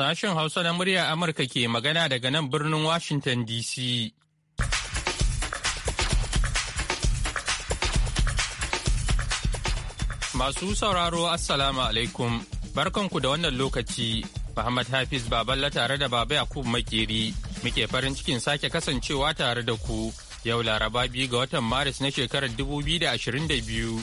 Sashen Hausa na murya Amurka ke magana daga nan birnin Washington DC. Masu sauraro Assalamu alaikum, barkanku da wannan lokaci, Muhammad Hafiz Baballa tare da Baba Yakub Makeri muke farin cikin sake kasancewa tare da ku yau Laraba biyu ga watan Maris na shekarar 2022.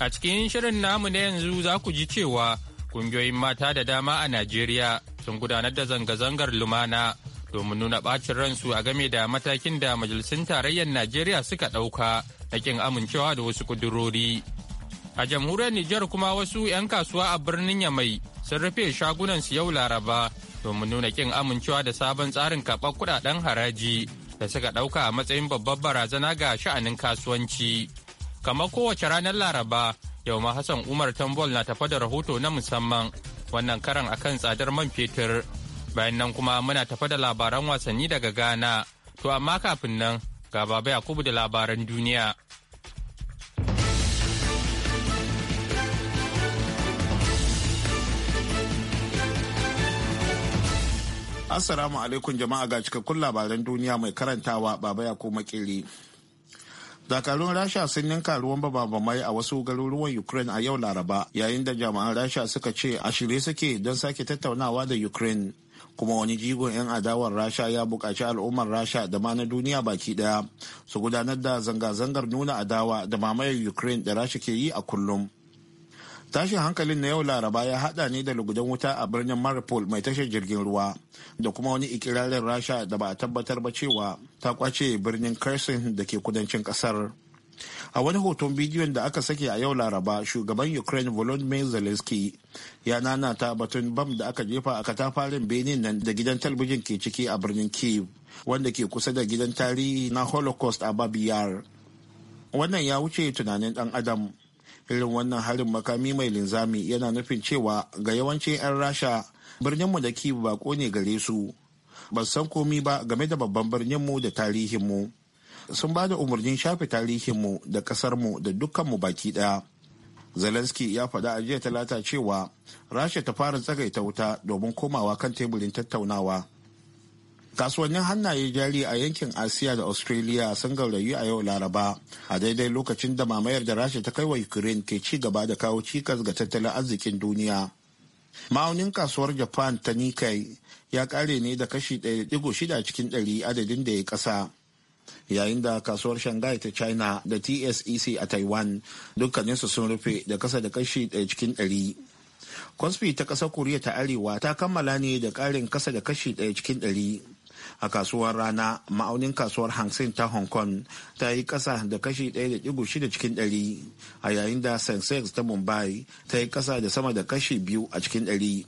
A cikin shirin namu na yanzu za ku ji cewa kungiyoyin mata da dama a Najeriya sun gudanar da zanga-zangar lumana domin nuna ɓacin ransu a game da matakin da majalisun tarayyar Najeriya suka ɗauka na ƙin amincewa da wasu ƙudurori. A jamhuriyar Nijar kuma wasu 'yan kasuwa a birnin Yamai sun rufe shagunan su yau Laraba domin nuna ƙin amincewa da sabon tsarin karɓar kuɗaɗen haraji da suka ɗauka a matsayin babbar barazana ga sha'anin kasuwanci. Kamar kowace ranar Laraba, yau ma Hassan Umar Tambol na tafa da rahoto na musamman wannan karan akan tsadar man fetur bayan nan kuma muna tafa da labaran wasanni daga ghana to amma kafin nan ga baba yakubu da labaran duniya assalamu alaikum jama'a ga cikakkun labaran duniya mai karantawa baba yakubu makili dakarun rasha sun ninka ruwan bababamai a wasu garuruwan ukraine a yau laraba yayin da jami'an rasha suka ce a shirye suke don sake tattaunawa da ukraine kuma wani jigon 'yan adawar rasha ya buƙaci al'ummar rasha da ma na duniya baki daya su gudanar da zanga-zangar nuna adawa da mamayar ukraine da rasha ke yi a kullum tashin hankalin na yau laraba ya hada ne da lugudan wuta a birnin maripol mai tashar jirgin ruwa da kuma wani ikirarin rasha da ba a tabbatar ba cewa ta kwace birnin kersin da ke kudancin kasar a wani hoton bidiyon da aka sake a yau laraba shugaban ukraine volodymyr zelensky ya nanata batun bam da aka jefa a katafarin benin nan da gidan talbijin ke ciki a birnin kiev wanda ke kusa da gidan tarihi na holocaust a babiyar wannan ya wuce tunanin dan adam irin wannan harin makami mai linzami yana nufin cewa ga yawancin 'yan rasha birninmu da ki bako ne gare su ba san komi ba game da babban birninmu da tarihinmu sun ba da umarnin shafe tarihinmu da ƙasarmu da dukkanmu baki ɗaya zelensky ya faɗa a jiya talata cewa rasha ta fara tsagaita wuta domin komawa kan teburin tattaunawa kasuwannin hannaye jari a yankin asiya da australia sun gaurayi a yau laraba a daidai lokacin da mamayar da rasha ta kai wa ukraine ke ci gaba da kawo cikas ga tattalin arzikin duniya ma'aunin kasuwar japan ta nikai ya kare ne da kashi shida cikin 100 adadin da ya kasa yayin da kasuwar shanghai ta china da tsec a taiwan dukkaninsu sun rufe da kasa da kashi 1 cikin 100 kwasfi ta kasar koriya ta arewa ta kammala ne da karin kasa da kashi 1 cikin 100 a kasuwar rana ma'aunin kasuwar hang ta hong kong ta yi kasa da kashi 1.6 cikin 100 a yayin da sensex ta mumbai ta yi kasa da sama da kashi 2 a cikin 100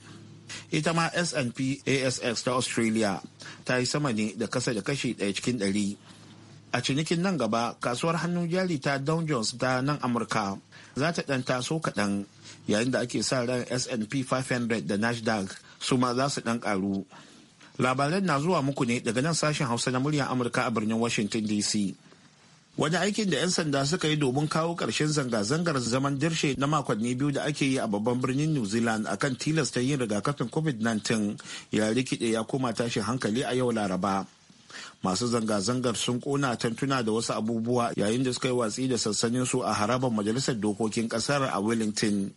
ita ma snp ASX ta Australia ta yi sama ne da kasa da kashi ɗaya cikin ɗari. A cinikin nan gaba kasuwar hannun jari ta Dow Jones ta nan Amurka za ta ɗan taso kaɗan yayin da ake sa ran S&P 500 da Nasdaq su ma za su dan karu. labaran na zuwa muku ne daga nan sashen hausa na muryar amurka a birnin washington dc wani aikin da 'yan sanda suka yi domin kawo ƙarshen zanga-zangar zaman dirshe na makonni biyu da ake yi a babban birnin new zealand a kan tilasta yin rigakafin covid-19 ya rikide ya koma tashin hankali a yau laraba masu zanga-zangar sun kona tantuna da wasu abubuwa yayin da suka yi watsi da sassanin su a harabar majalisar dokokin kasar a wellington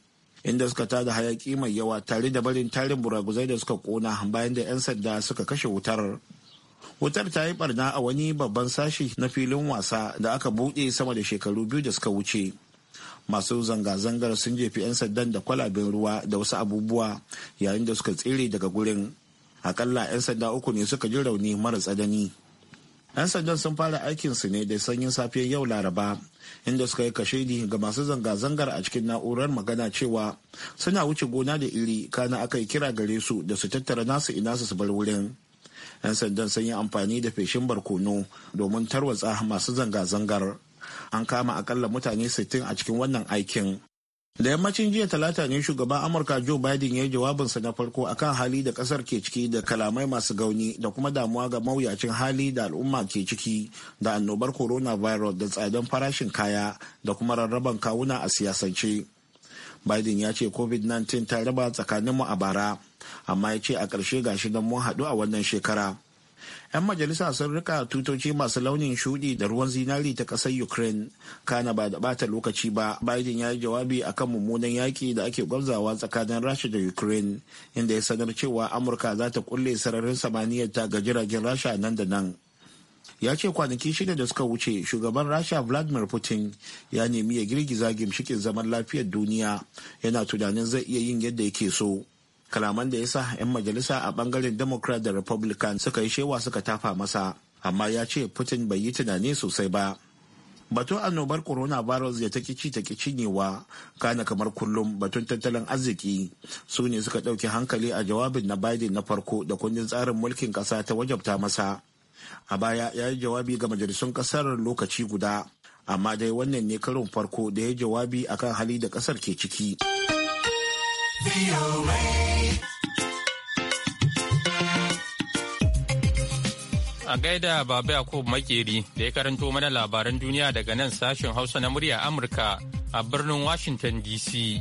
inda suka tada hayaki mai yawa tare da barin tarin buraguzai da suka kona bayan da 'yan sanda suka kashe wutar wutar ta yi barna a wani babban sashi na filin wasa da aka buɗe sama da shekaru biyu da suka wuce masu zanga-zangar sun jefi 'yan sandan da kwalaben ruwa da wasu abubuwa yayin da suka tsere daga gurin akalla 'yan sanda uku ne suka ji rauni mara tsadani 'yan sandan sun fara aikinsu ne da sanyin safiyar yau laraba inda suka yi kashedi ga masu zanga-zangar a cikin na'urar magana cewa suna wuce gona da iri kana aka yi kira gare su da su tattara nasu ina su bar wurin 'yan sandan sun yi amfani da feshin barkono domin tarwatsa masu zanga-zangar an kama akalla mutane 60 a cikin wannan aikin da yammacin jiya talata ne shugaban amurka joe biden ya yi jawabinsa na farko akan hali da kasar ke ciki da kalamai masu gauni da kuma damuwa ga mawuyacin hali da al'umma ke ciki da annobar coronavirus da tsadan farashin kaya da kuma rarraban kawuna a siyasance biden ya ce covid-19 ta raba tsakaninmu a bara amma ya ce a ƙarshe gashi don mun haɗu a wannan shekara 'yan majalisa sun rika tutoci masu launin shudi da ruwan zinari ta ƙasar ukraine kana ba da bata lokaci ba biden ya yi jawabi akan mummunan yaki da ake gwamzawa tsakanin rasha da ukraine inda ya sanar cewa amurka za ta kulle sararin samaniyar ta ga jiragen rasha nan da nan ya ce kwanaki shida da suka wuce shugaban rasha vladimir putin ya nemi ya girgiza gimshikin zaman lafiyar duniya yana tunanin zai iya yin yadda yake so kalaman da ya sa 'yan majalisa a bangaren democrat da republican suka yi shewa suka tafa masa amma ya ce putin bai yi tunani sosai ba batun annobar coronavirus da ta kici ta cinyewa kana kamar kullum batun tattalin arziki su ne suka ɗauki hankali a jawabin na biden na farko da kundin tsarin mulkin ƙasa ta wajabta masa a baya ya yi jawabi ga majalisun ƙasar lokaci guda amma dai wannan ne karin farko da ya jawabi akan hali da ƙasar ke ciki. A gaida Baba Yakub Makeri da ya karanto mana labaran duniya daga nan sashen Hausa na murya Amurka a birnin Washington DC.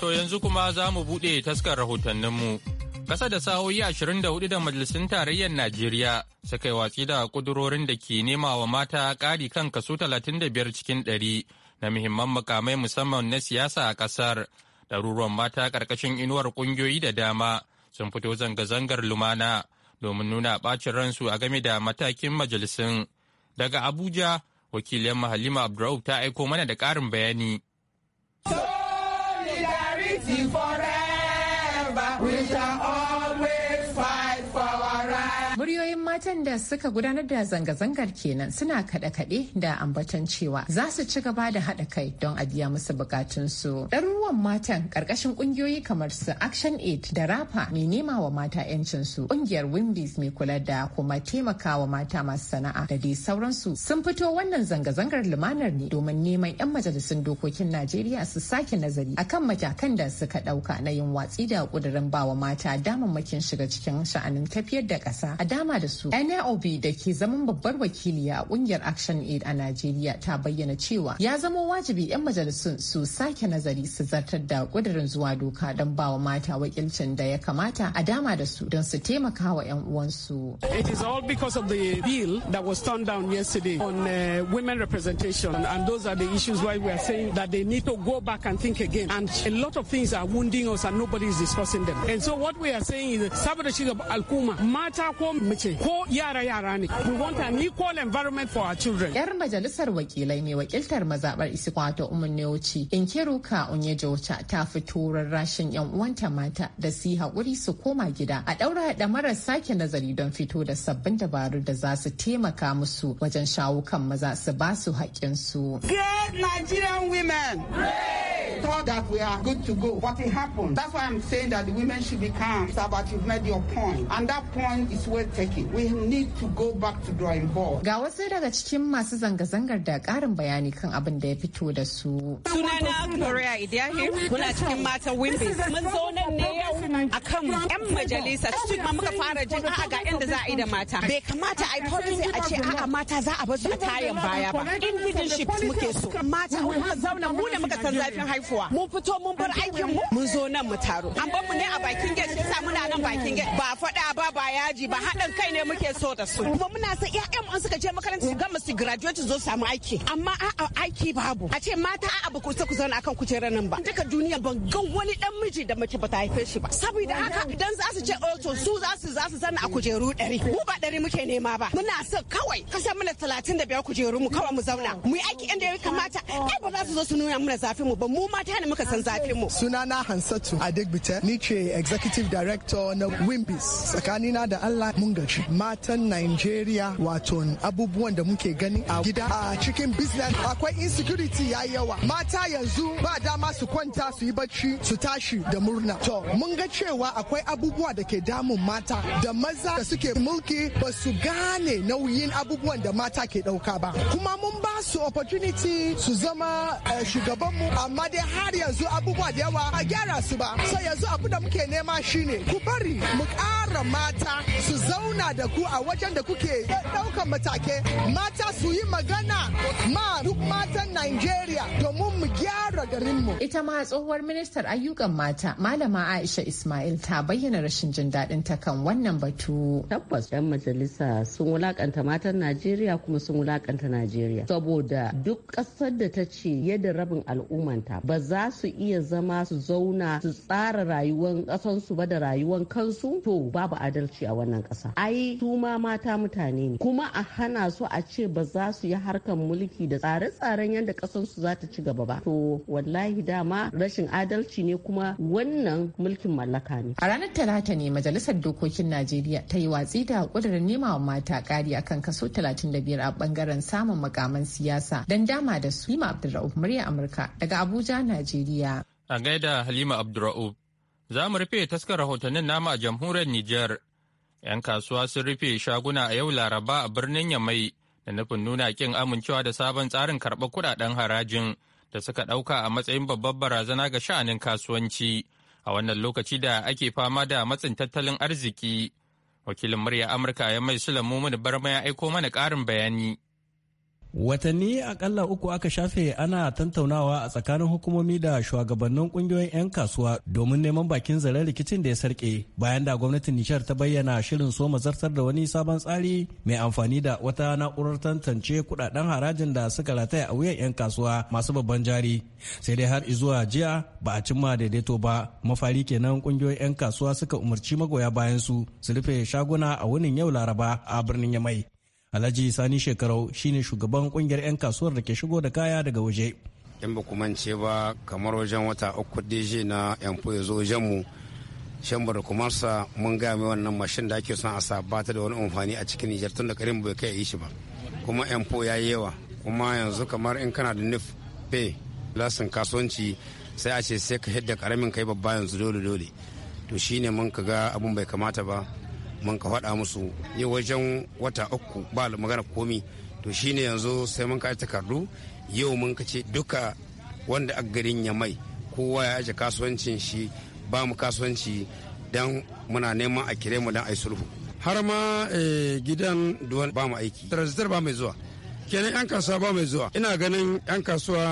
To yanzu kuma za mu buɗe taskar rahotanninmu. Kasa da sahoyi 24 da Majalisun Tarayyar Najeriya suka yi watsi da kudurorin da ke nema wa mata ƙari kan kaso 35 cikin 100 na muhimman mukamai musamman na siyasa a kasar Ɗaruruwan mata ƙarƙashin inuwar ƙungiyoyi da dama sun fito zanga-zangar lumana domin nuna ɓacin ransu a game da matakin majalisun. Daga Abuja, wakiliyar Halima Abdurraub ta aiko mana da ƙarin bayani. for ƙungiyoyin matan da suka gudanar da zanga-zangar kenan suna kaɗe-kaɗe da ambatan cewa za su ci gaba da haɗa kai don a biya musu bukatunsu. Ɗaruruwan matan ƙarƙashin ƙungiyoyi kamar su Action Aid da Rafa mai nema wa mata 'yancinsu, ƙungiyar Wimbis mai kula da kuma taimakawa mata masu sana'a da dai sauransu sun fito wannan zanga-zangar lumanar ne domin neman 'yan majalisun dokokin Najeriya su sake nazari akan matakan da suka ɗauka na yin watsi da ƙudurin bawa mata damammakin shiga cikin sha'anin tafiyar da ƙasa a dama da su. Anna Obi da ke zaman babbar wakiliya a kungiyar Action Aid a Najeriya ta bayyana cewa ya zama wajibi 'yan majalisun su sake nazari su zartar da kudirin zuwa doka don bawa mata wakilcin da ya kamata a dama da su don su taimaka wa 'yan uwansu. It is all because of the bill that was turned down yesterday on uh, women representation and those are the issues why we are saying that they need to go back and think again and a lot of things are wounding us and nobody is discussing them. And so what we are saying is saboda shi ga al'umma mata ko mace ko yara yara ne we want an equal environment for our children yar majalisar wakilai ne wakiltar mazabar isikwato umunneoci inkiruka onyejocha ta fito rarrashin yan uwanta mata da si hakuri haƙuri su koma gida a daura da marar sake nazari don fito da sabbin dabaru da za su taimaka musu wajen shawo kan maza su ba su haƙƙinsu. Great Nigerian women! thought that we are good to go, but it happened. That's why I'm saying that the women should be calm. It's about you've made your point, and that point is worth taking We need to go back to drawing board. Ga wasu daga cikin masu zanga-zangar da ƙarin bayani kan abin da ya fito da su. Sunana Korea idiahi muna cikin matan Wimbis. Mun zo nan ne yau akan 'yan majalisa. Su ma muka fara jin a'a ga inda za a yi da mata. Bai kamata a yi policy a ce a'a mata za a bar su tayan baya ba. In leadership muke so. Mata, zauna mu da muka san zafin haifuwa mun fito mun bar aikin mu mun zo nan mu taro an bar mu ne a bakin gate shi yasa muna nan bakin gate ba faɗa ba ba yaji ba haɗin kai ne muke so da su kuma muna sa ƴaƴan an suka je makaranta su gama su graduate zo samu aiki amma a'a aiki babu a ce mata a ba ku sa ku zauna akan kujerar nan ba duka duniya ban ga wani dan miji da mace ba ta haife shi ba saboda haka idan za su ce auto oh, su za su za su zanna a kujeru ɗari mu ba ɗari muke nema ba muna so kawai kasa mana talatin da biyar kujeru mu kawai mu zauna mu yi aiki inda ya kamata ai ba za su zo su nuna mana zafin mu ba mu mata ne muka san zafin mu sunana Hansatu Adegbite ni ce executive director na Wimbis na da Allah mun gaji matan Nigeria wato abubuwan da muke gani a gida a cikin business akwai insecurity ya yawa mata yanzu ba dama su kwanta su yi bacci su tashi da murna to mun ga cewa akwai abubuwa da ke damun mata da maza da suke mulki ba su gane nauyin abubuwan da mata ke dauka ba kuma mun ba su opportunity su zama eh, shugabanmu amma dai har yanzu abubuwa da yawa a gyara su ba so yanzu abu da muke nema shine ku bari mu ƙara mata su zauna da ku a wajen da kuke ɗaukan matake mata su yi magana ma duk matan Najeriya domin mu gyara garinmu. Ita ma tsohuwar ministar ayyukan mata Malama Aisha Ismail ta bayyana rashin jin daɗin ta kan wannan batu. Tabbas 'yan majalisa sun wulakanta matan Najeriya kuma sun wulakanta Najeriya saboda duk ƙasar da ta ce yadda rabin al'ummanta ba za su iya zama su zauna su tsara rayuwar kasansu ba da rayuwar kansu to babu adalci a wannan kasa ai su ma mata mutane ne kuma a hana su a ce ba za su yi harkar mulki da tsare-tsaren yadda kasansu za ta ci gaba ba to wallahi dama rashin adalci ne kuma wannan mulkin mallaka ne a ranar talata ne majalisar dokokin najeriya ta yi watsi da kudirin nema wa mata kari akan kaso 35 a bangaren samun makaman siyasa dan dama da su yi ma abdulrahman murya amurka daga abuja Najeriya. A gaida Halima Abdurra'u, za mu rufe taskar rahotannin nama a jamhuriyar Nijar. 'Yan kasuwa sun rufe shaguna a yau Laraba a birnin Yamai da nufin nuna kin amincewa da sabon tsarin karɓar kuɗaɗen harajin da suka ɗauka a matsayin babbar barazana ga sha'anin kasuwanci a wannan lokaci da ake fama da matsin tattalin arziki. Wakilin murya Amurka ya mai Sulaimu Barma ya aiko mana ƙarin bayani. Watanni akalla uku aka shafe ana tantaunawa a tsakanin hukumomi da shugabannin kungiyoyin 'yan kasuwa domin neman bakin zaren rikicin da ya sarke bayan da gwamnatin Nishar ta bayyana shirin soma zartar da wani sabon tsari mai amfani da wata na'urar tantance kudaden harajin da suka rataya a wuyan 'yan kasuwa masu babban jari. Sai dai har zuwa jiya ba a cimma daidaito ba mafari kenan kungiyoyin 'yan kasuwa suka umarci magoya bayan su su rufe shaguna a wunin yau Laraba a birnin Yamai. Alhaji Sani Shekarau shine shugaban kungiyar 'yan kasuwar da ke shigo da kaya daga waje. In ba ku mance ba kamar wajen wata uku DJ na yan ya zo wajenmu shambar kumarsa mun gaya mai wannan mashin da ake son a sa da wani amfani a cikin Nijar tun da karin bai kai yi shi ba. Kuma yan ya yi yawa kuma yanzu kamar in kana da nif pay lasin kasuwanci sai a ce sai ka hidda karamin kai babba yanzu dole dole to shine mun ka ga abun bai kamata ba mun ka faɗa musu yi wajen wata uku ba magana komi to shine yanzu sai mun kai takardu yau mun ka ce duka wanda a garin ya mai kowa ya aje kasuwancin shi ba mu kasuwanci dan muna neman a kire mu dan ai sulhu har ma eh, gidan duwan ba mu aiki transitor ba mai zuwa kenan yan kasuwa ba mai zuwa ina ganin yan kasuwa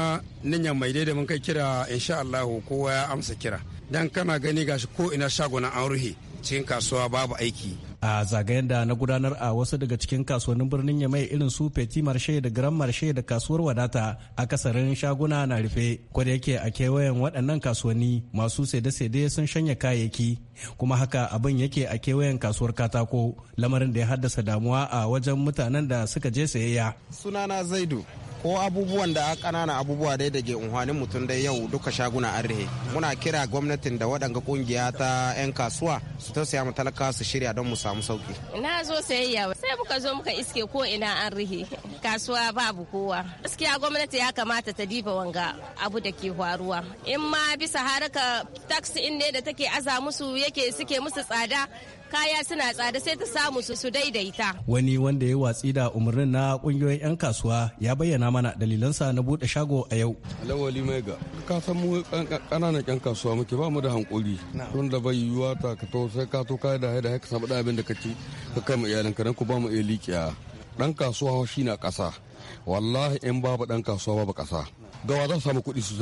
ninya mai daidai mun kai kira insha Allah kowa ya amsa kira dan kana gani gashi ko ina shagunan an ruhe cikin kasuwa babu aiki a zagayen da na gudanar a wasu daga cikin kasuwannin birnin mai irin su feti marshe da grand marshe da kasuwar wadata a kasarin shaguna na rufe kwada yake a kewayen waɗannan kasuwanni masu saide-saide sun shanya kayayyaki kuma haka abin yake a kewayen kasuwar katako lamarin da ya haddasa damuwa a wajen mutanen da suka je sayayya sunana zaidu ko abubuwan da kanana abubuwa dai da ke unhwanin mutum dai yau duka shaguna an rihe muna kira gwamnatin da waɗanga kungiya ta 'yan kasuwa su ta siya mu talaka su shirya don mu samu sauki na zo sayayya sai muka zo muka iske ko ina an rihe kasuwa babu kowa gaskiya gwamnati ya kamata ta diba wanga abu da ke faruwa in ma bisa haraka tax in ne da take aza musu yake suke musu tsada kaya suna tsada sai ta samu su su daidaita. Wani wanda ya watsi da umarnin na kungiyoyin 'yan kasuwa ya bayyana mana dalilansa na buɗe shago a yau. Alawali mai ga ka san mu ƙananan 'yan kasuwa muke ba mu da hankuli tun da bai yiwuwa ta ka to sai ka to kaya da haida ka samu abin da ka ci ka kai mu iyalinka dan ku ba mu iya liƙiya. Dan kasuwa shi na ƙasa wallahi in babu ɗan kasuwa babu ƙasa. gawa zan samu kuɗi su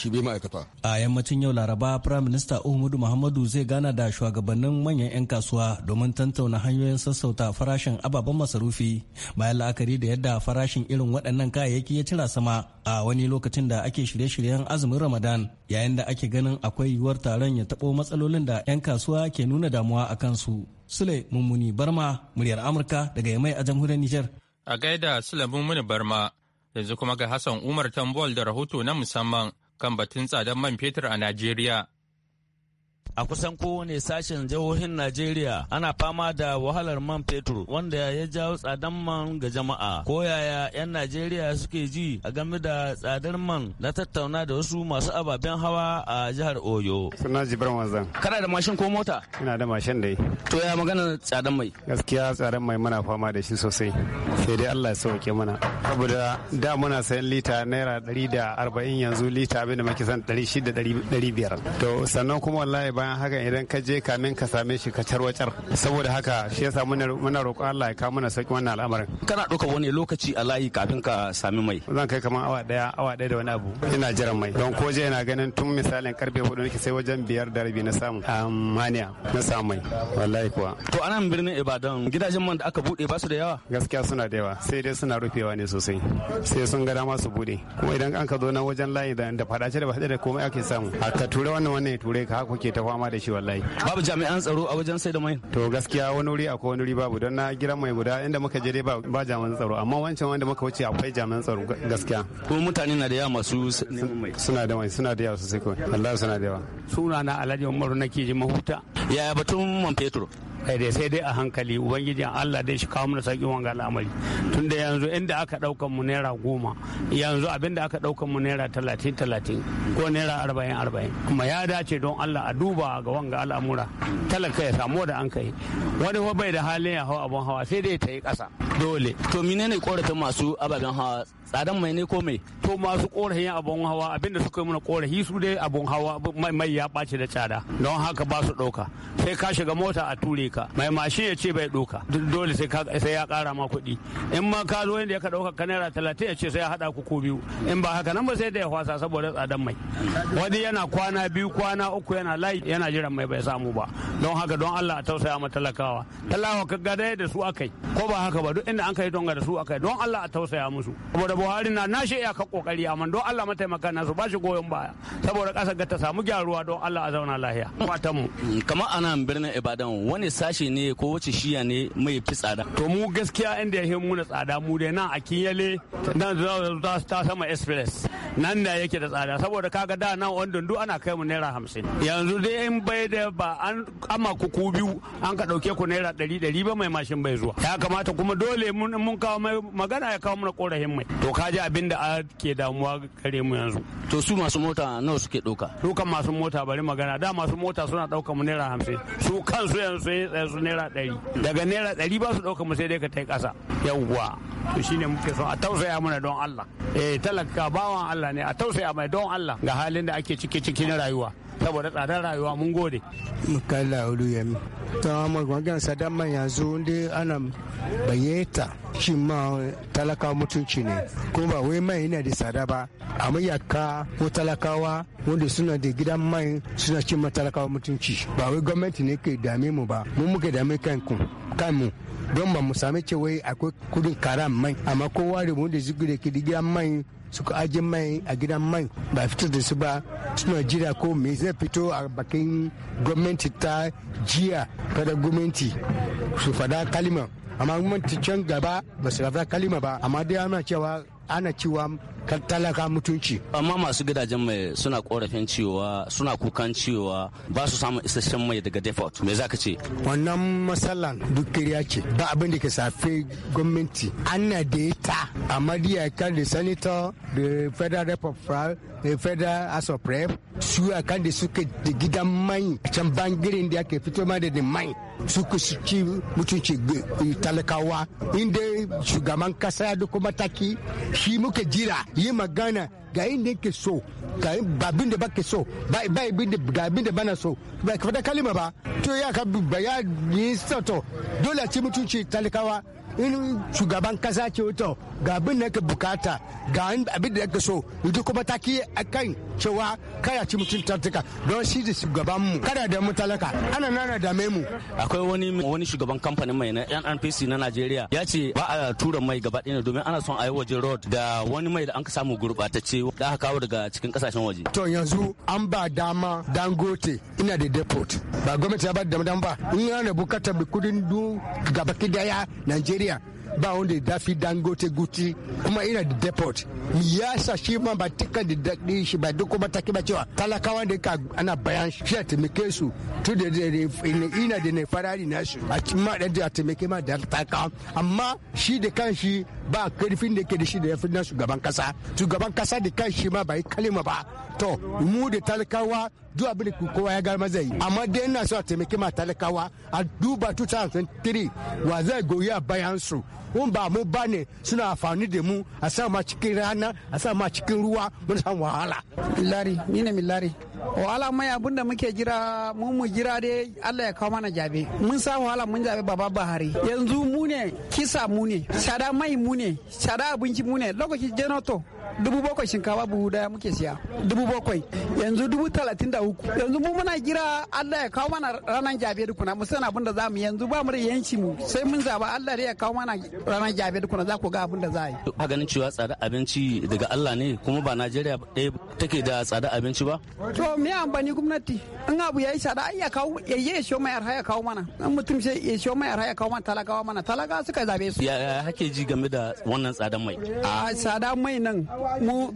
shibe ma'aikata. A yammacin yau Laraba Prime Minister Uhumudu Muhammadu zai gana da shugabannin manyan 'yan kasuwa domin tantauna hanyoyin sassauta farashin ababen masarufi bayan la'akari da yadda farashin irin waɗannan kayayyaki ya cira sama a wani lokacin da ake shirye-shiryen azumin Ramadan yayin da ake ganin akwai yiwuwar taron ya taɓo matsalolin da 'yan kasuwa ke nuna damuwa a kansu. Sule Mummuni Barma, muryar Amurka daga Yamai a jamhuriyar Nijar. A gaida Sule Mummuni Barma, Yanzu kuma ga Hassan Umar Tambol da rahoto na musamman kan batun tsadar man fetur a Najeriya. a kusan kowane sashen jihohin Najeriya ana fama da wahalar man fetur wanda ya jawo tsadan man ga jama'a. Ko yaya 'yan Najeriya suke ji a game da tsadar man na tattauna da wasu masu ababen hawa a jihar Oyo. Suna jibar Wanzan. Kana da mashin ko mota? Ina da mashin dai. To ya magana tsadan mai? Gaskiya tsadar mai muna fama da shi sosai. Sai dai Allah ya sauke mana. Saboda da muna sayan lita naira 140 da arba'in yanzu lita abinda da muke san 600 da 500. biyar. To sannan kuma wallahi bayan haka idan ka je kamin ka same shi ka tarwacar saboda haka shi yasa muna roƙon Allah ya kawo mana sauki wannan al'amarin kana ɗauka wani lokaci a layi kafin ka sami mai zan kai kamar awa daya awa daya da wani abu ina jiran mai don ko je ina ganin tun misalin karfe hudu nake sai wajen biyar da rabi na samu amaniya na samu mai wallahi kuwa to anan birnin Ibadan gidajen man da aka bude ba su da yawa gaskiya suna da yawa sai dai suna rufewa ne sosai sai sun ga dama su bude kuma idan an ka zo na wajen layi da fadace da ba da komai ake samu a ka ture wannan wannan ya ture ka haka ke ta fama da shi wallahi babu jami'an tsaro a wajen sai da mai to gaskiya wani wuri akwai wani wuri babu don na gidan mai guda inda muka je dai ba jami'an tsaro amma wancan wanda muka wuce akwai jami'an tsaro gaskiya ko mutane na da yawa masu suna da mai suna da yawa su sai ko Allah suna da yawa suna na Alhaji Umaru nake ji mahuta yaya batun man fetur sai sai dai a hankali ubangijin Allah dai shi kawo mana sauki wanga al'amari tun yanzu inda aka daukan mu naira goma yanzu abinda aka daukan mu naira talatin talatin ko naira arba'in arba'in kuma ya dace don Allah a duba ga wanga al'amura talaka ya samu da an kai wani bai da halin ya hau abun hawa sai dai ta yi ƙasa dole to menene korafin masu ababen hawa tsadan mai ne ko mai to masu korafin abun hawa abinda suka yi mana korafi su dai abun hawa mai ya ɓaci da tsada don haka ba su ɗauka sai ka shiga mota a ture ka mai mashin ya ce bai ɗauka dole sai ya ƙara ma kuɗi in ma ka zo inda ya ka ɗauka ka naira talatin ya ce sai ya haɗa ku ko biyu in ba haka nan ba sai da ya kwasa saboda tsadan mai wani yana kwana biyu kwana uku yana layi yana jiran mai bai samu ba don haka don Allah a tausaya ma talakawa talakawa ka gada da su akai ko ba haka ba duk inda an kai don ga da su akai don Allah a tausaya musu saboda buhari na na shi iyakar kokari amma don allah mataimaka na su bashi goyon baya saboda kasar ga ta samu gyaruwa don allah a zauna lahiya fatan mu mm, kamar ana birnin ibadan wani sashi ne ko wace shiya ne mai fi tsada to mu gaskiya inda ya mu na tsada mu dai nan a kinyale nan ta sama express nan da yake da tsada saboda kaga da nan wandon duk ana kai mu naira hamsin yanzu dai in bai da ba an kama kuku biyu an ka dauke ku naira ɗari ɗari ba mai mashin bai zuwa ya kamata kuma dole mun kawo magana ya kawo mana korahin mai to ka ji abin da ke damuwa kare mu yanzu to su masu mota nawa suke doka dukan masu mota bari magana da masu mota suna dauka mu naira hamsin su kansu yanzu sai su naira 100 daga naira 100 ba su dauka mu sai dai ka tai kasa yawwa to shine muke so a tausaya mana don Allah eh talaka bawan Allah ne a tausaya mai don Allah ga halin da ake ciki cikin rayuwa saboda tsadar rayuwa mun gode mukalla mi. oluyemi ta sadan man yanzu inda ana bayyata shi ma talaka mutunci ne kuma ba wai mai yana da tsada ba amma yaka ko talakawa wanda suna da gidan mai suna cin ma talakawa mutunci ba wai gwamnati ne ke dame mu ba mun muke dame kanku kanmu don ba mu sami cewa akwai kudin karan mai amma kowa da wanda zugu da ke gidan mai suka aje mai a gidan mai ba fitar da su ba suna jira ko me zai fito a bakin gwamnati ta jiya fadar gwamnati su fada kalima amma gwamnati can gaba ba su fada kalima ba amma dai ana cewa ana cewa talaka mutunci amma masu gidajen mai suna korafin cewa suna kukan cewa ba su samun isasshen mai daga default me zaka ce wannan matsalan duk ce ba abin da ke safe gwamnati ana da ta. a kan da senator da federal rep of federal of rep su a kan da suka da gidan mai can bangirin da ake fito ma da da mai suka ci mutunci eh, talakawa inda shugaban kasa ya duk mataki shi muka jira yi magana ga inda yake so ga abin da baka so ga abin da bana so ba ka faɗa kalima ba to ya ka ya yi sato dole a ci mutunci talakawa in shugaban kasa ce wuto ga abin da ka bukata ga abin da ka so duk kuma ta ki kan cewa kada ci mutum tartuka don shi da shugaban mu kada da mu talaka ana nana da mu akwai wani wani shugaban kamfanin mai na NNPC na Najeriya ya ce ba a tura mai gaba ɗaya domin ana son a yi waje road da wani mai da an samu gurɓatacce da aka kawo daga cikin kasashen waje to yanzu an ba dama dangote ina da depot ba gwamnati ya ba da dama ba in yana bukatar kudin du gaba ki daya Najeriya nigeria ba wanda da fi dangote guti kuma ina da deport ya sa shi ma ba tika da daɗi shi ba duk kuma taki ba cewa talakawa da ka ana bayan shi a taimake su tu da ina da ne farari na su a ɗan da taimake ma da taka amma shi da kan shi ba karfin da ke da shi da ya fi na shugaban kasa shugaban kasa da kan shi ma ba yi kalima ba to mu da talakawa duk abin da kowa ya gama zai yi amma dai ina so a taimake ma talakawa a duba 2023 wa zai goyi a bayan su in ba mu ba ne suna amfani da mu a sa ma cikin rana a sa ma cikin ruwa mun san wahala millari ni ne millari wahala mai abin da muke jira mu mu jira dai Allah ya kawo mana jabe mun sa wahala mun jabe baba bahari. yanzu mu ne kisa mu ne sada mai mu ne sada abinci mu ne lokaci jenoto dubu bakwai shinkafa buhu daya muke siya dubu bakwai yanzu dubu talatin da uku yanzu mu muna gira Allah ya kawo mana ranar jabe dukuna kuna san abin da za mu yanzu ba mu da yanci mu sai mun zaba Allah ya kawo mana ranar jabe kuna za ku ga abin da za yi. a ganin cewa tsada abinci daga Allah ne kuma ba Najeriya ɗaya take da tsada abinci ba? To me amfani gwamnati in abu ya yi tsada ai ya kawo ya yi shi mai arha ya kawo mana in mutum sai ya shi mai arha ya kawo mana talakawa mana talaka suka zabe su. Ya hake ji game da wannan tsadan mai? A tsadan mai nan mu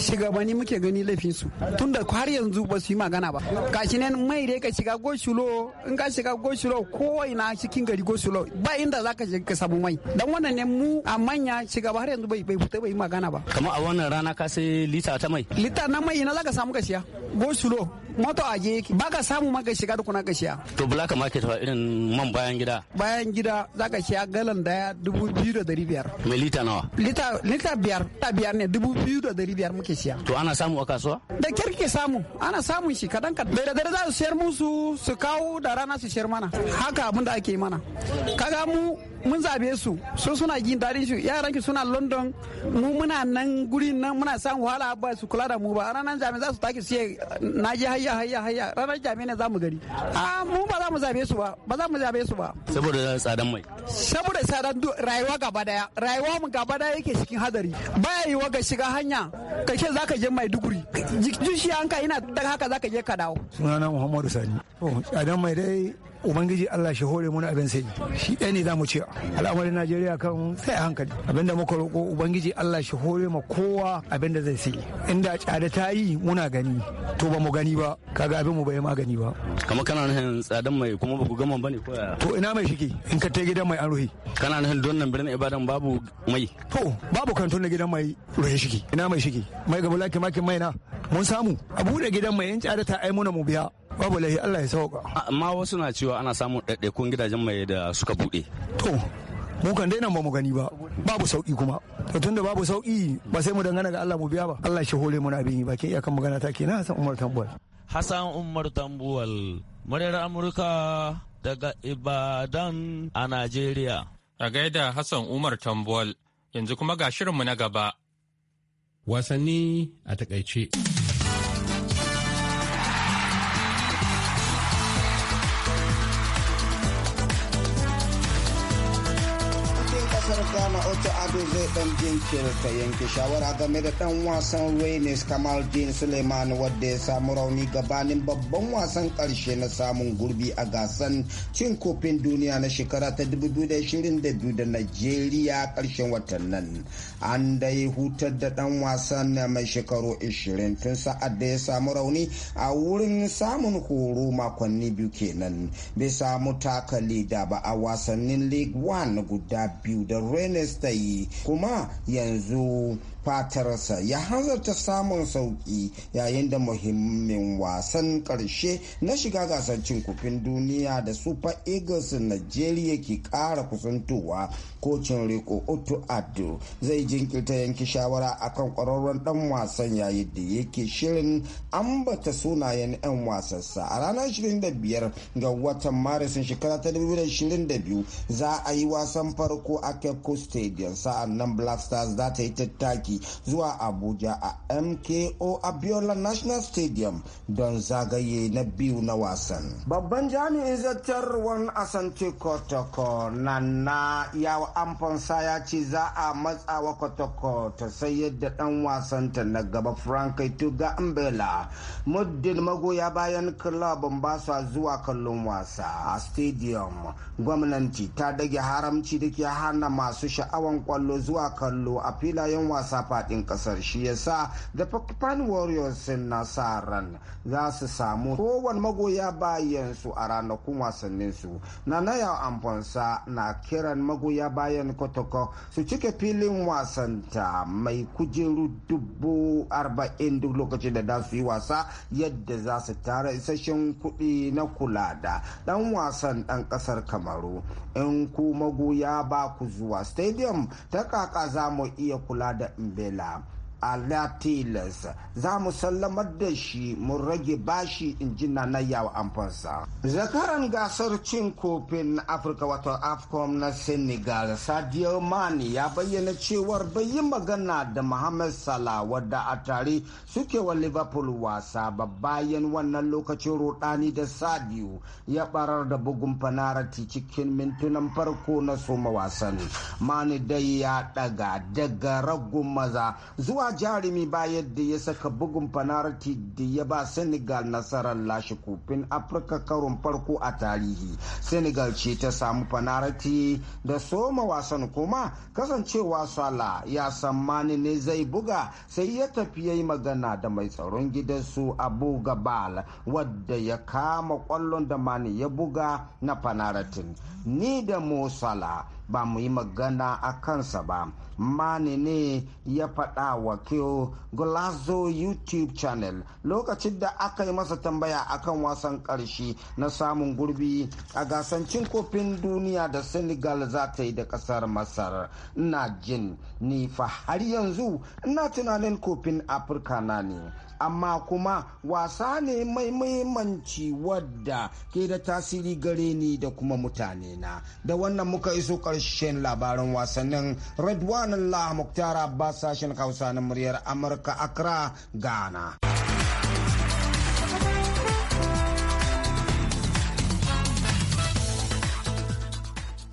shugabanni muke gani laifin su tunda har yanzu ba su yi magana ba gashi ne mai dai ka shiga goshulo in ka shiga goshulo ko ina cikin gari goshulo ba inda zaka je ka samu mai dan wannan ne mu a manya shugaba har yanzu bai bai fita bai magana ba kamar a wannan rana ka sai lita ta mai lita na mai ina zaka samu ka siya goshulo moto a je yake ba ka samu ma ka shiga kuna ka shiya to black market wa irin man bayan gida bayan gida za ka shiya galan daya dubu biyu da dari biyar me lita nawa lita lita biyar ta biyar ne dubu biyu da dari biyar muke shiya to ana samu a kasuwa da kyar ke samu ana samu shi kadan ka da dare za su sayar musu su kawo da rana su sayar mana haka abin da ake mana kaga mu mun zabe su su suna jin daɗin su yaran ki suna london mu muna nan guri nan muna samu wahala ba su kula da mu ba ranar jami'a za su take su na je hayya hayya hayya ranar jami ne za mu gari a mu ba za mu zabe su ba ba za mu zabe su ba saboda tsadan mai saboda tsadan rayuwa gaba daya rayuwa mu gaba daya yake cikin hadari baya yiwa ga shiga hanya kace zaka je mai duguri jikin shi hanka ina daga haka zaka je ka dawo sunana muhammadu sani to tsadan mai dai ubangiji Allah shi hore mana abin sai shi ɗaya ne zamu ce al'amarin Najeriya kan sai hankali abinda muka roƙo ubangiji Allah shi hore ma kowa abin da zai sai inda tsada ta yi muna gani to ba mu gani ba kaga abin mu bai magani ba kama kana nan tsadan mai kuma ba ku gama bane ko to ina mai shike in ka ta gidan mai an ruhi kana nan don nan birnin Ibadan babu mai to babu kanton na gidan mai ruhi shike ina mai shike mai gaba laki makin mai na mun samu a buɗe gidan mai in tsada ta ai muna mu biya babu lahi Allah ya sauka amma wasu na cewa ana samun ɗaiɗaikun gidajen mai da suka buɗe to mu kan dai nan ba mu gani ba babu sauki kuma to tunda babu sauki ba sai mu dangana ga Allah mu biya ba Allah shi hore mana abin yi ba ke iyakan magana ta kenan Hassan Umar Tambuwal Hassan Umar Tambuwal muryar Amurka daga Ibadan a Najeriya a gaida Hassan Umar Tambuwal yanzu kuma ga shirinmu na gaba wasanni a takaice ghana otu abu zai dan ta yanke shawara game da dan wasan reynes kamal din suleiman wadda ya samu rauni gabanin babban wasan karshe na samun gurbi a gasan cin kofin duniya na shekara ta 2022 da najeriya karshen watan nan an dai hutar da dan wasan na mai shekaru 20 tun sa'ad da ya samu rauni a wurin samun horo makonni biyu kenan bai samu takali da ba a wasannin league one guda biyu da reynes tilas ta yi kuma yanzu fatarsa ya hanzarta samun sauki yayin da muhimmin wasan karshe na shiga gasar cin kufin duniya da super eagles nigeria ke kara kusantowa kocin riko otu ado zai jinkirta yanki shawara akan kwararren dan wasan yayin da yake shirin ambata sunayen 'yan wasansa a ranar 25 ga watan maris shekara ta 2022 za a yi wasan farko a keko stadium sa'an nan black stars za ta yi tattaki zuwa abuja a mko abiola national stadium don zagaye na biyu na wasan babban jami'in zartarwan asante kotoko na na yawa amfansa ya ce za a matsawa kotoko ta sayar da dan wasanta na gaba frank tuga ambela muddin magoya bayan kilabin ba zuwa kallon wasa a stadium gwamnati ta dage haramci da ke hana masu sha'awan kwallo zuwa kallo a filayen wasa fadin kasar shi yasa da Pakistan Warriors na sa ran za su samu kowane magoya bayan su a ranakun wasannin su na naya amfansa na kiran magoya bayan kotoko su cike filin wasanta mai kujeru dubu arba'in duk lokacin da za su yi wasa yadda za su tara isasshen kuɗi na kula da ɗan wasan ɗan ƙasar kamaru in ku magoya ba ku zuwa stadium ta kaka za mu iya kula da Vela alatilas za mu sallamar da shi mun rage bashi in ji na yawa amfansa zakaran gasar cin kofin afirka wato afcom na senegal sadio mani ya bayyana cewar bai magana da mohamed salah wadda a tare suke wa liverpool wasa ba bayan wannan lokacin rudani da sadio ya barar da bugun fanarati cikin mintunan farko na soma wasan mani dai ya daga daga ragu maza zuwa jarumi ba yadda ya saka bugun fanarti da ya ba senegal nasarar lashe kofin afirka karon farko a tarihi senegal ce ta samu fanarti da soma wasan kuma kasancewa sala ya sammani ne zai buga sai ya tafi ya yi magana da mai tsaron gidansu buga gabal wadda ya kama kwallon da mani ya buga na fanaratin ni da mo sala ba mu yi magana a kansa ba mani ne ya faɗa wa kyo youtube channel lokacin da aka yi masa tambaya akan wasan ƙarshe na samun gurbi a gasan cin kofin duniya da senegal za ta yi da ƙasar masar ina jin ni fa har yanzu ina tunanin kofin afirka na ne amma kuma wasa ne mai muhimmanci wadda ke da tasiri gare ni da kuma mutane na da wannan muka iso karshen labarin wasannin redwan allah muktar abbas sashen hausa na muryar amurka accra ghana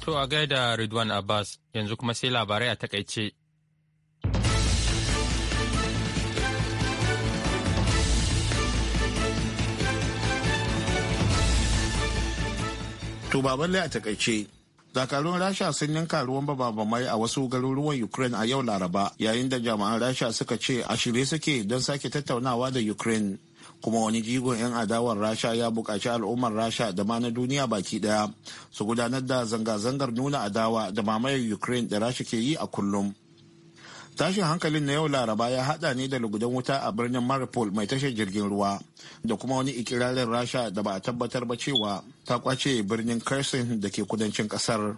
To a gaida Ridwan Abbas yanzu kuma sai labarai a takaice. To ba balle a takaice. Dakarun Rasha sun yanka ruwan bababamai a wasu garuruwan Ukraine a yau Laraba yayin da jama'an Rasha suka ce a shirye suke don sake tattaunawa da Ukraine. Kuma wani jigon 'yan adawar Rasha ya buƙaci al'ummar Rasha da ma na duniya baki ɗaya su gudanar da zanga-zangar nuna adawa da mamayar Ukraine da Rasha ke yi a kullum. tashin hankalin na yau laraba ya hada ne da lugudan wuta a birnin maripol mai tashar jirgin ruwa da kuma wani ikirarin rasha da ba a tabbatar ba cewa ta kwace birnin kersin da ke kudancin kasar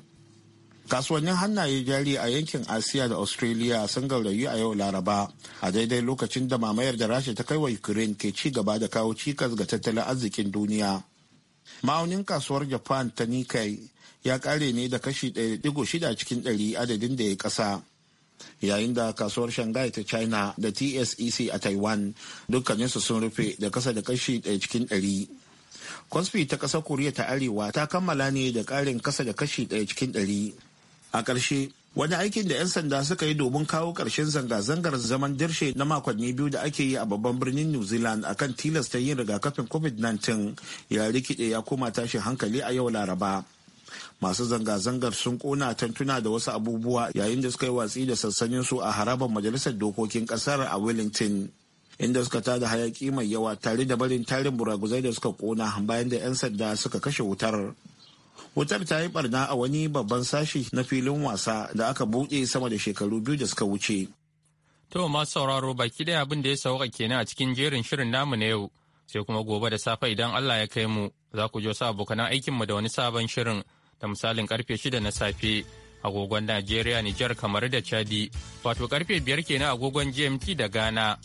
kasuwannin hannaye jari a yankin asiya da australia sun gaurayi a yau laraba a daidai lokacin da mamayar da rasha ta kai wa ukraine ke ci gaba da kawo cikas ga tattalin arzikin duniya ma'aunin kasuwar japan ta nikai ya kare ne da kashi 1.6 cikin 100 adadin da ya kasa yayin da kasuwar shanghai ta china da tsec a taiwan dukkaninsu sun rufe da kasa da kashi daya cikin ɗari kwasfi ta kasa koriya ta arewa ta kammala ne da ƙarin kasa da kashi daya cikin ɗari a ƙarshe wani aikin da 'yan sanda suka yi domin kawo ƙarshen zanga-zangar zaman dirshe na makonni biyu da ake yi a babban birnin new zealand akan tilasta yin rigakafin covid-19 ya rikide ya koma tashin hankali a yau laraba masu zanga-zangar sun kona tantuna da wasu abubuwa yayin da suka yi watsi da sassanin su a harabar majalisar dokokin kasar a wellington inda suka ta da hayaki mai yawa tare da barin tarin buraguzai da suka kona bayan da 'yan sanda suka kashe wutar wutar ta yi barna a wani babban sashi na filin wasa da aka buɗe sama da shekaru biyu da suka wuce to masu sauraro baki ɗaya abin da ya sauka kenan a cikin jerin shirin namu na yau sai kuma gobe da safe idan allah ya kai mu za ku je wasu abokanan aikinmu da wani sabon shirin da misalin karfe shida na safe agogon Najeriya, Nijar, kamar da Chadi, wato karfe 5 kenan agogon GMT da Ghana.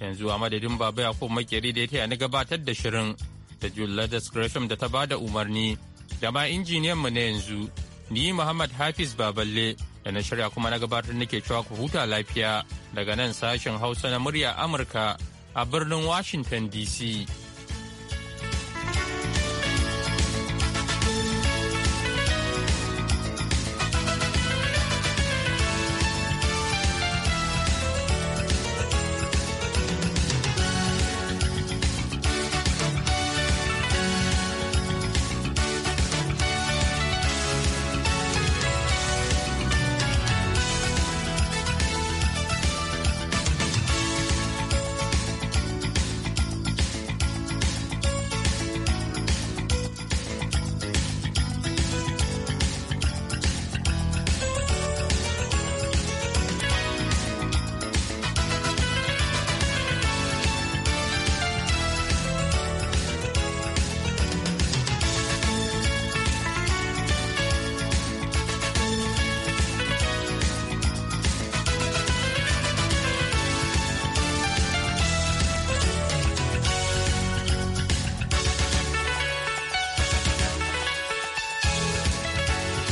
Yanzu a madadin Baba Yakub Makeri da ya taya ni gabatar da shirin da Julia Discretion da ta bada umarni da ma injiniyan mu na yanzu ni Muhammad Hafiz Baballe da na shirya kuma na gabatar nake cewa ku huta lafiya daga nan sashen Hausa na murya Amurka a birnin Washington DC.